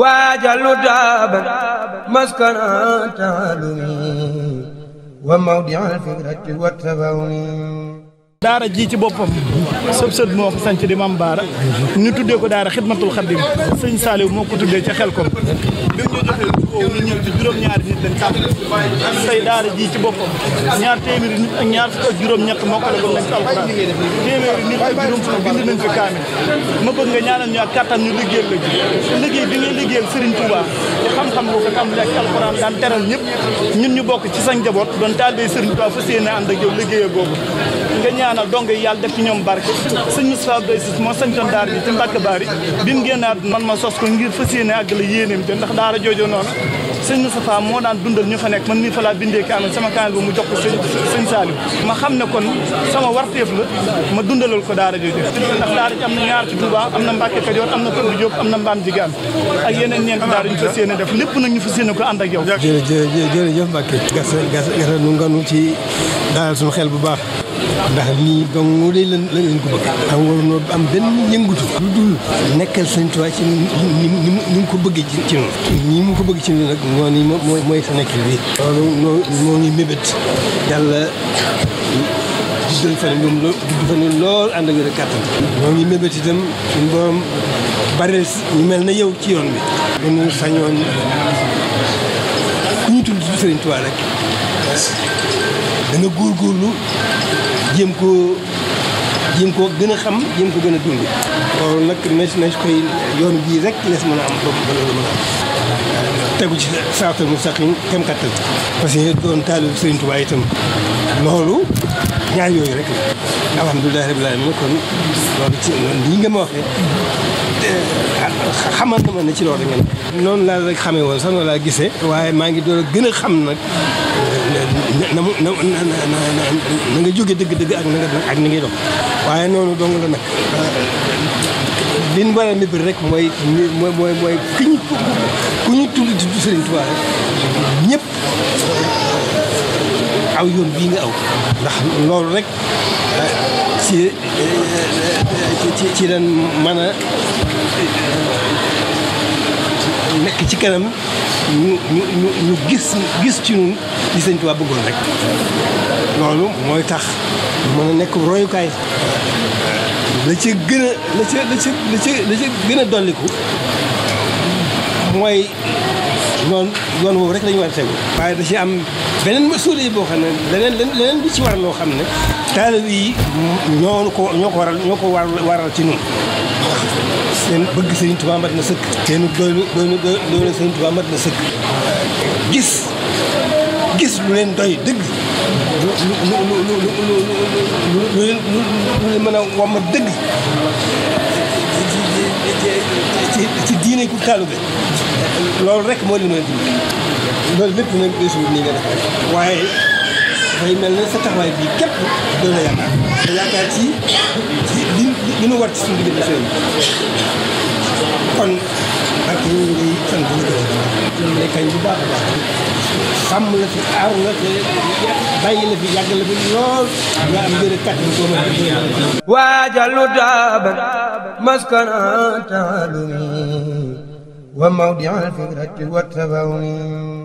waajalu daaba maskana taalumi wa mawdi al fikrati wa tafawumi daara ji ci boppam sëb sët moo ko sanc di mam baara ñu tuddee ko daara xidmatul xaddim sëñ Saaliw moo ko tuddee ca xel ko ñu ñëw juróom-ñaari nit lañ sàmm tey daara ci boppam ñaar téeméeri nit ak ñaar fukk ak ko nañ ci alxuraan téeméeri nit ak juróom fukk bind nañ fi kaamil ma bëgg nga ñaanal ñu ak kattan ñu liggéeyal la ji liggéey bi ngay liggéeyal Serigne Touba te xam-xam boo ko xam lekk alxuraan daan teral ñëpp ñun ñu bokk ci sañ njaboot doon taalibee Serigne Touba fas yéene ànd ak yow liggéeyal boobu nga ñaanal dong yàlla def ci ñoom barke sëñ Moustapha Bay Sis moo sañtoon daara ji ci Mbàkke Baari bi mu génnaat man ma sos ko ngir fas yéene àgg la yéeneem te ndax sëñ Moustapha moo daan dundal ñu fa nekk man mii fa laa bindee kaamil sama kaamil bi mu jox ko sëñ sëñ ma xam ne kon sama warteef la ma dundalal ko daara jooju ndax daara ji am na ñaar ci Touba am na Mbacke Kajoor am na Kër Diop am na Mbaam Jigaan ak yeneen ñeenti daara ñu fa séene def lépp nag ñu fa séene ko ànd ak yow jërëjëf Mbacke gas gas nu nga nu ci daal suñu xel bu baax ndax nii donc mu dee lan lan ko bëgg am waroon am benn yëngutu lu dul nekkal Sëñ Tuubaa ci ni mu ko bëgg ci ko bëgg ci noonu nag noonu mooy mooy sa bi loolu moo ngi mébét yàlla duddal fan loolu lool ànd ak yore kàttan moo ngi mébét itam suñu borom bareel mel na yow ci yoon bi gën sañoon ku ñu tudd Sëriñ Tuubaa rek da nga góorgóorlu jéem koo ko koo gën a xam jéem ko gën a dund. loolu nag nañ nañ koy yoon bii rek les mën a am bopp ba loolu mën a am. tegu ci saatal mustaqim kem kattan. parce que doon taalib Sëriñ Tuubaa itam loolu ñaar yooyu rek la. alhamdulilah rabbil kon loolu ci lii xamal na ma ne ci loolu ngeen noonu laa rek xamee woon sax noonu laa gisee waaye maa ngi door a gën a xam nag na nga jóge dëgg-dëgg ak ak ni ngay dox waaye noonu dong la nag li ñu war a mébét rek mooy ku ñu ku ñu tudd tudd Serigne Touba rek aw yoon bii nga aw ndax loolu rek ci ci ren mën a nekk ci kanam ñu ñu ñu ñu gis gis ci ñun li Sëñ Tuubaa bëggoon rek loolu mooy tax mën a nekk royukaay la ca gën la ca la ca gën a dolliku mooy yoon yoon woowu rek la ñu war tegu waaye da ci am beneen masuula yi boo xam ne leneen leneen lu ci war loo xam ne taalibe yi ñoo ko ñoo ko waral ñoo ko waral waral ci ñun seen bëgg sëriñ Tuubaa mat na sëkk seen doylu doylu doylu sëriñ Tuubaa mat na sëkk gis gis lu leen doy dëgg lu lu lu lu lu lu leen mën a wàmm dëgg ci ci diine ku taalube loolu rek moo leen mën a dimbali loolu lépp nag desul nii nga def waaye dafay mel ne sa taxawaay bi képp doon la yaakaar nga yaakaar ci li li nu war ci suñu diggante seen kon ak ñu ngi sant ñu ko ñu lay kañ bu baax a baax sàmm la fi aar la fi bàyyi la fi yàgg la fi lool nga am mbir kàttan boo ma waajalu daaban maskana taalumi wa mawdi al fikrati wa tabawni